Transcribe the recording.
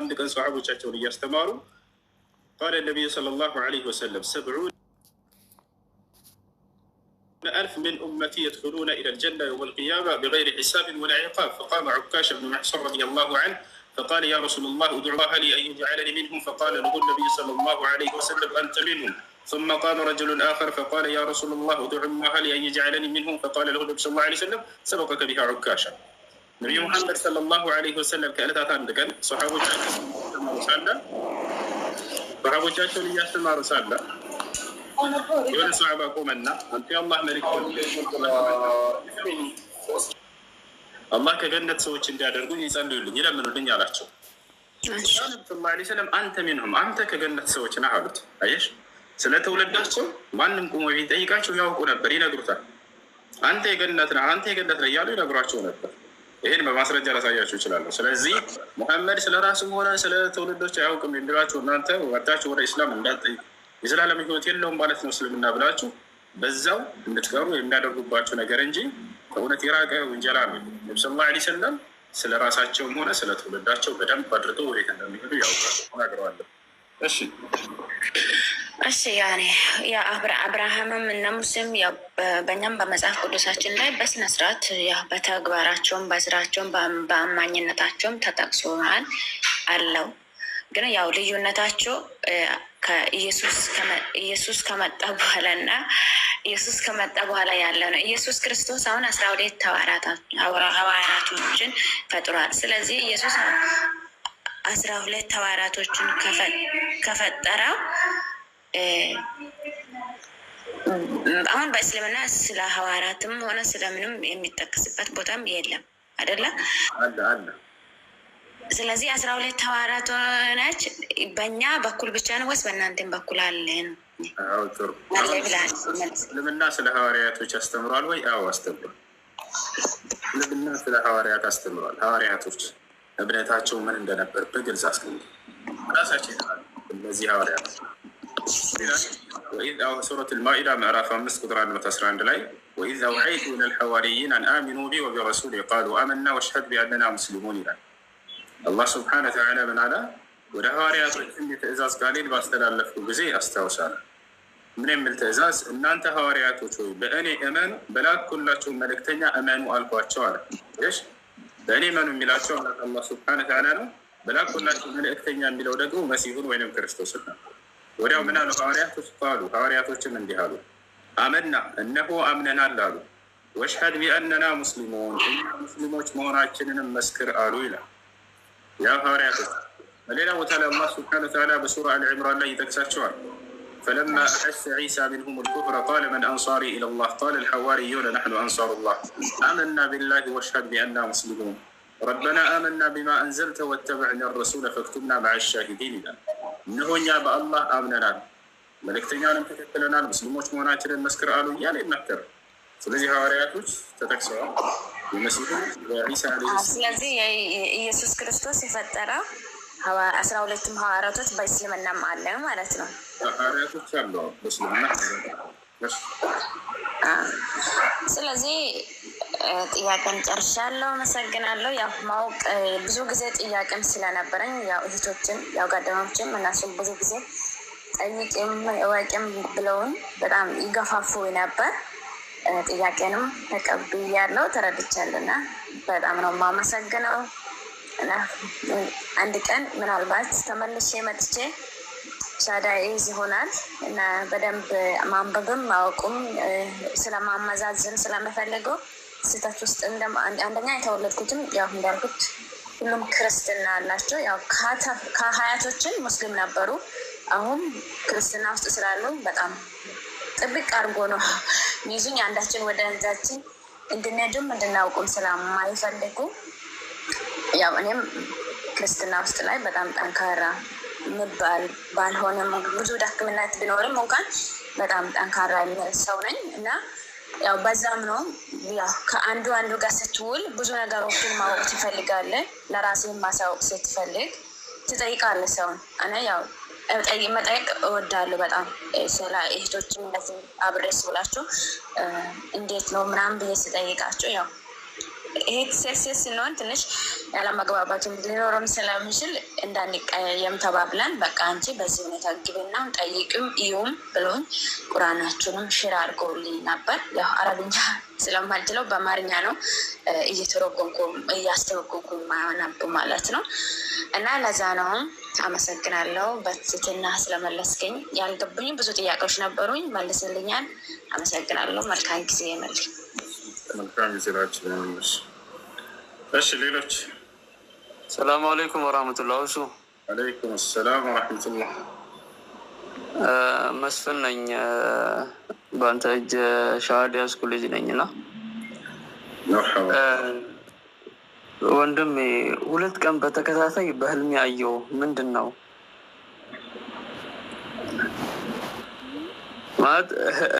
አንድ ቀን ሰሓቦቻቸውን እያስተማሩ ቃለ ነቢዩ ሰለላሁ ዐለይሂ ወሰለም ሰብዑን ألف من أمتي يدخلون إلى الجنة يوم القيامة بغير حساب ولا عقاب فقام عكاش بن محصن رضي الله عنه فقال يا رسول الله ادع الله لي أن يجعلني منهم فقال له النبي صلى الله عليه وسلم أنت منهم ثم قام رجل آخر فقال يا رسول الله ادع الله لي أن يجعلني منهم فقال له النبي صلى الله عليه وسلم سبقك بها عكاشا ነቢዩ ሙሐመድ ሰለላሁ ዐለይሂ ወሰለም ከእለታት አንድ ቀን ሰሓቦቻቸውን እያስተማሩ ሳለ የሆነ ሰሓባ ቆመና አንተ የአላህ መልእክተኛ አላህ ከገነት ሰዎች እንዲያደርጉ ይጸልዩልኝ፣ ይለምኑልኝ አላቸው። ሰለም አንተ ሚንሁም አንተ ከገነት ሰዎች ነህ አሉት። አየሽ፣ ስለ ትውልዳቸው ማንም ቁሞ ቢጠይቃቸው ያውቁ ነበር፣ ይነግሩታል። አንተ የገነት ነህ፣ አንተ የገነት ነህ እያሉ ይነግሯቸው ነበር። ይህን በማስረጃ ላሳያችሁ ይችላለሁ። ስለዚህ ሙሐመድ ስለ ራሱ ሆነ ስለ ትውልዶች አያውቅም የሚሏችሁ እናንተ ወዳችሁ ወደ ኢስላም እንዳትጠይቁ የዘላለም ህይወት የለውም ማለት ነው እስልምና ብላችሁ በዛው እንድትቀሩ የሚያደርጉባቸው ነገር እንጂ ከእውነት የራቀ ውንጀላ ነው። ነቢ ሰለላሁ ዐለይሂ ወሰለም ስለ ራሳቸውም ሆነ ስለ ትውልዳቸው በደንብ አድርገው ወዴት እንደሚሄዱ ያውቃሉ። ተናግረዋለሁ። እሺ እሺ ያኔ አብርሃምም እና ሙሴም በእኛም በመጽሐፍ ቅዱሳችን ላይ በስነ ስርዓት በተግባራቸውም በስራቸውም በአማኝነታቸውም ተጠቅሶናል አለው። ግን ያው ልዩነታቸው ኢየሱስ ከመጣ በኋላ እና ኢየሱስ ከመጣ በኋላ ያለ ነው። ኢየሱስ ክርስቶስ አሁን አስራ ሁለት ሐዋርያቶችን ፈጥሯል። ስለዚህ ኢየሱስ አስራ ሁለት ሐዋርያቶችን ከፈጠረው አሁን በእስልምና ስለ ሀዋራትም ሆነ ስለምንም የሚጠቀስበት ቦታም የለም አደለ? ስለዚህ አስራ ሁለት ሐዋራት ሆነች በእኛ በኩል ብቻ ነው ወይስ በእናንተም በኩል አለ ነው? እስልምና ስለ ሐዋርያቶች አስተምሯል ወይ? አዎ አስተምሯል። እስልምና ስለ ሐዋርያት አስተምሯል። ሐዋርያቶች እምነታቸው ምን እንደነበር በግልጽ አስቀምጧል። ራሳቸው እነዚህ ሐዋርያት وإذ أو سورة المائدة معرفة أمس قدرة متسران دلائي وإذ أوحيت إلى الحواريين أن آمنوا بي وبرسولي قالوا آمنا واشهد بأننا مسلمون إلى الله سبحانه وتعالى من على وده هاري أتركني تأزاز قليل باستلال لفه بزي أستوشان من يمل تأزاز إن أنت هاري أتركني بأني أمن بلا كل لكم ملكتني أمنوا ألقوا إيش؟ بأني من ملاتشو الله سبحانه وتعالى بلا كل لكم ملكتني أمنوا ألقوا أتشوالا مسيحون وينم كرستوسنا ወዲያው ምን አሉ ሐዋርያት ውስጥ አሉ። ሐዋርያቶችም እንዲህ አሉ፣ አመና እነሆ አምነናል አሉ። ወሽሀድ ቢአነና ሙስሊሙን እኛ ሙስሊሞች መሆናችንንም መስክር አሉ ይላል። ያ ሐዋርያቶች በሌላ ቦታ ላይ አላህ ስብሐነ ወተዓላ በሱራ አልዕምራን ላይ ይጠቅሳቸዋል። ፈለማ አሐሰ ዒሳ ሚንሁም ልኩፍረ ቃለ መን አንሳሪ ኢለላህ ቃለ ልሐዋርዩነ ነሕኑ አንሳሩላህ አመና ቢላሂ ወሽሀድ ቢአና ሙስሊሙን ረበና አመና ቢማ አንዘልተ ወተበዕና ረሱለ ፈክቱብና መዓ ሻሂዲን ይላል። እነሆ እኛ በአላህ አምነናል፣ መልእክተኛንም ተከትለናል፣ ሙስሊሞች መሆናችንን መስክር አሉ እያለ ይናገር። ስለዚህ ሐዋርያቶች ተጠቅሰዋል። ስለዚህ የኢየሱስ ክርስቶስ የፈጠረ አስራ ሁለቱም ሐዋርያቶች በእስልምናም አለ ማለት ነው። ሐዋርያቶች አለ በእስልምና ስለዚህ ጥያቄን ጨርሻለሁ። አመሰግናለሁ። ያው ማወቅ ብዙ ጊዜ ጥያቄም ስለነበረኝ ያው እህቶችን ያው ጋደማችም እነሱ ብዙ ጊዜ ጠይቅም እወቅም ብለውን በጣም ይገፋፉ ነበር። ጥያቄንም ተቀብያለሁ፣ ተረድቻለና በጣም ነው የማመሰግነው። አንድ ቀን ምናልባት ተመልሼ መጥቼ ሻዳኤ ይሆናል እና በደንብ ማንበብም ማወቁም ስለማመዛዝን ስለምፈልገው ስህተት ውስጥ አንደኛ የተወለድኩትም ያው እንዳልኩት ሁሉም ክርስትና አላቸው። ያው ከሀያቶችን ሙስሊም ነበሩ። አሁን ክርስትና ውስጥ ስላሉ በጣም ጥብቅ አድርጎ ነው ሚዙኝ አንዳችን ወደ አንዳችን እንድንሄድም እንድናውቁም ስለማይፈልጉ ያው እኔም ክርስትና ውስጥ ላይ በጣም ጠንካራ ምባል ባልሆነም ብዙ ዳክምነት ቢኖርም እንኳን በጣም ጠንካራ ሰው ነኝ እና ያው በዛም ነው ያው ከአንዱ አንዱ ጋር ስትውል ብዙ ነገሮችን ማወቅ ትፈልጋለ። ለራሴን ማሳወቅ ስትፈልግ ትጠይቃለ ሰውን። እኔ ያው መጠየቅ እወዳለሁ በጣም ስላ እህቶችም እንደዚህ አብሬ ስውላቸው እንዴት ነው ምናምን ብዬ ስጠይቃቸው ያው ይሄ ሴት ስንሆን ትንሽ ያለመግባባትም ሊኖረም ስለምችል እንዳንቀየም ተባብለን በቃ አንቺ በዚህ ሁኔታ ግብና ጠይቅም እዩም ብሎኝ ቁራናችሁንም ሽር አድርጎልኝ ነበር። ያው አረብኛ ስለማልችለው በአማርኛ ነው እየተረጎንኩ እያስተረጎንኩ ማነብ ማለት ነው። እና ለዛ ነው አመሰግናለሁ። በትትና ስለመለስገኝ ያልገቡኝ ብዙ ጥያቄዎች ነበሩኝ፣ መልስልኛል። አመሰግናለሁ። መልካም ጊዜ ይመልኝ። መልካም ዜናችን ይመሽ። እሺ ሌሎች ሰላሙ አሌይኩም ወራህመቱላ እሱ አሌይኩም ሰላም ወራህመቱላህ መስፍን ነኝ በአንተ እጅ ሻሃድ ያዝኩ ልጅ ነኝ እና ወንድሜ ሁለት ቀን በተከታታይ በህልሜ ያየው ምንድን ነው ማለት